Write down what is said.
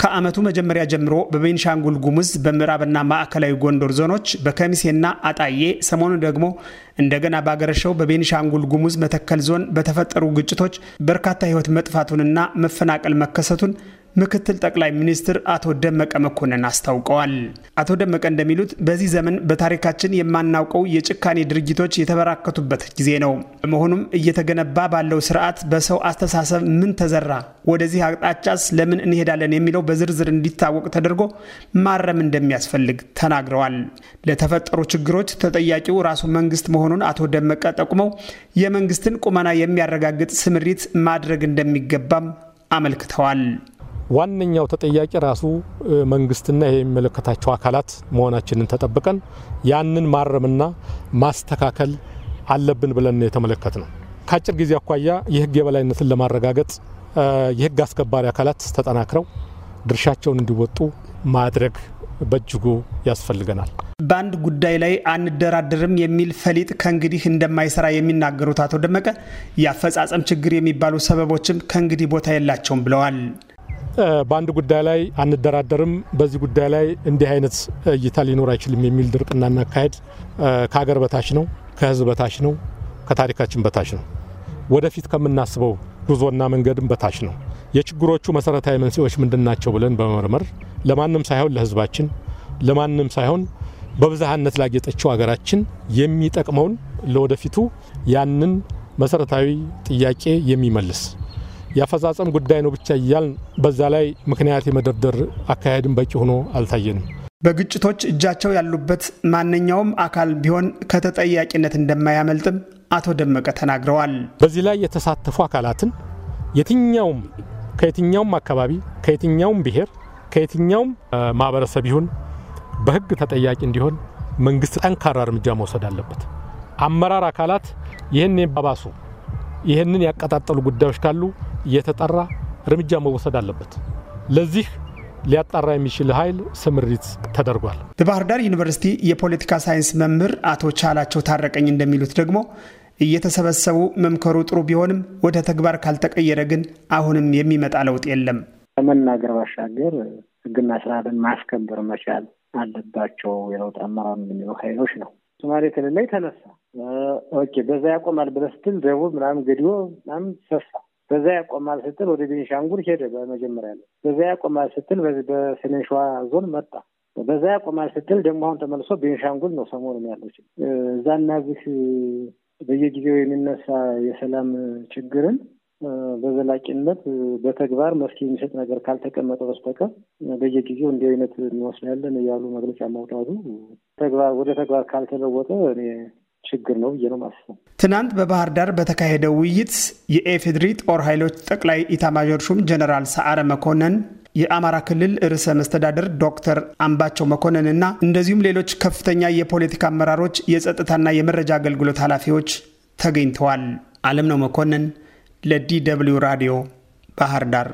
ከዓመቱ መጀመሪያ ጀምሮ በቤንሻንጉል ጉሙዝ በምዕራብና ማዕከላዊ ጎንደር ዞኖች በከሚሴና አጣዬ፣ ሰሞኑ ደግሞ እንደገና ባገረሸው በቤንሻንጉል ጉሙዝ መተከል ዞን በተፈጠሩ ግጭቶች በርካታ ሕይወት መጥፋቱንና መፈናቀል መከሰቱን ምክትል ጠቅላይ ሚኒስትር አቶ ደመቀ መኮንን አስታውቀዋል። አቶ ደመቀ እንደሚሉት በዚህ ዘመን በታሪካችን የማናውቀው የጭካኔ ድርጊቶች የተበራከቱበት ጊዜ ነው። በመሆኑም እየተገነባ ባለው ስርዓት በሰው አስተሳሰብ ምን ተዘራ፣ ወደዚህ አቅጣጫስ ለምን እንሄዳለን የሚለው በዝርዝር እንዲታወቅ ተደርጎ ማረም እንደሚያስፈልግ ተናግረዋል። ለተፈጠሩ ችግሮች ተጠያቂው ራሱ መንግስት መሆኑን አቶ ደመቀ ጠቁመው የመንግስትን ቁመና የሚያረጋግጥ ስምሪት ማድረግ እንደሚገባም አመልክተዋል። ዋነኛው ተጠያቂ ራሱ መንግስትና ይሄ የሚመለከታቸው አካላት መሆናችንን ተጠብቀን ያንን ማረምና ማስተካከል አለብን ብለን የተመለከት ነው። ከአጭር ጊዜ አኳያ የህግ የበላይነትን ለማረጋገጥ የህግ አስከባሪ አካላት ተጠናክረው ድርሻቸውን እንዲወጡ ማድረግ በእጅጉ ያስፈልገናል። በአንድ ጉዳይ ላይ አንደራደርም የሚል ፈሊጥ ከእንግዲህ እንደማይሰራ የሚናገሩት አቶ ደመቀ የአፈጻጸም ችግር የሚባሉ ሰበቦችም ከእንግዲህ ቦታ የላቸውም ብለዋል። በአንድ ጉዳይ ላይ አንደራደርም፣ በዚህ ጉዳይ ላይ እንዲህ አይነት እይታ ሊኖር አይችልም የሚል ድርቅና እናካሄድ ከሀገር በታች ነው፣ ከህዝብ በታች ነው፣ ከታሪካችን በታች ነው፣ ወደፊት ከምናስበው ጉዞና መንገድም በታች ነው። የችግሮቹ መሰረታዊ መንስኤዎች ምንድን ናቸው ብለን በመመርመር ለማንም ሳይሆን ለህዝባችን፣ ለማንም ሳይሆን በብዝሃነት ላጌጠችው ሀገራችን የሚጠቅመውን ለወደፊቱ ያንን መሰረታዊ ጥያቄ የሚመልስ የአፈጻጸም ጉዳይ ነው ብቻ እያልን በዛ ላይ ምክንያት የመደርደር አካሄድም በቂ ሆኖ አልታየንም። በግጭቶች እጃቸው ያሉበት ማንኛውም አካል ቢሆን ከተጠያቂነት እንደማያመልጥም አቶ ደመቀ ተናግረዋል። በዚህ ላይ የተሳተፉ አካላትን የትኛውም ከየትኛውም አካባቢ ከየትኛውም ብሔር ከየትኛውም ማህበረሰብ ይሁን በህግ ተጠያቂ እንዲሆን መንግስት ጠንካራ እርምጃ መውሰድ አለበት። አመራር አካላት ይህን የባባሱ ይህንን ያቀጣጠሉ ጉዳዮች ካሉ እየተጣራ እርምጃ መወሰድ አለበት። ለዚህ ሊያጣራ የሚችል ኃይል ስምሪት ተደርጓል። በባህር ዳር ዩኒቨርሲቲ የፖለቲካ ሳይንስ መምህር አቶ ቻላቸው ታረቀኝ እንደሚሉት ደግሞ እየተሰበሰቡ መምከሩ ጥሩ ቢሆንም ወደ ተግባር ካልተቀየረ ግን አሁንም የሚመጣ ለውጥ የለም። ከመናገር ባሻገር ሕግና ስርዓትን ማስከበር መቻል አለባቸው የለውጥ አመራር የሚለው ኃይሎች ነው ሶማሌ ክልል ላይ ተነሳ። ኦኬ በዛ ያቆማል ብለህ ስትል ደቡብ ምናምን ገዲዮ ምናምን ሰፋ። በዛ ያቆማል ስትል ወደ ቤንሻንጉል ሄደ። በመጀመሪያ ላይ በዛ ያቆማል ስትል በሰሜን ሸዋ ዞን መጣ። በዛ ያቆማል ስትል ደግሞ አሁን ተመልሶ ቤንሻንጉል ነው ሰሞኑን ያለች እዛና እዚህ በየጊዜው የሚነሳ የሰላም ችግርን በዘላቂነት በተግባር መፍትሄ የሚሰጥ ነገር ካልተቀመጠ በስተቀር በየጊዜው እንዲህ አይነት እንወስዳለን እያሉ መግለጫ ማውጣቱ ተግባር ወደ ተግባር ካልተለወጠ እኔ ችግር ነው ብዬ ነው ማስበው። ትናንት በባህር ዳር በተካሄደው ውይይት የኤፌድሪ ጦር ኃይሎች ጠቅላይ ኢታማዦር ሹም ጀነራል ሰዓረ መኮንን የአማራ ክልል ርዕሰ መስተዳደር ዶክተር አምባቸው መኮንን እና እንደዚሁም ሌሎች ከፍተኛ የፖለቲካ አመራሮች፣ የጸጥታና የመረጃ አገልግሎት ኃላፊዎች ተገኝተዋል። አለም ነው መኮንን ለዲ ደብልዩ ራዲዮ ባህር ዳር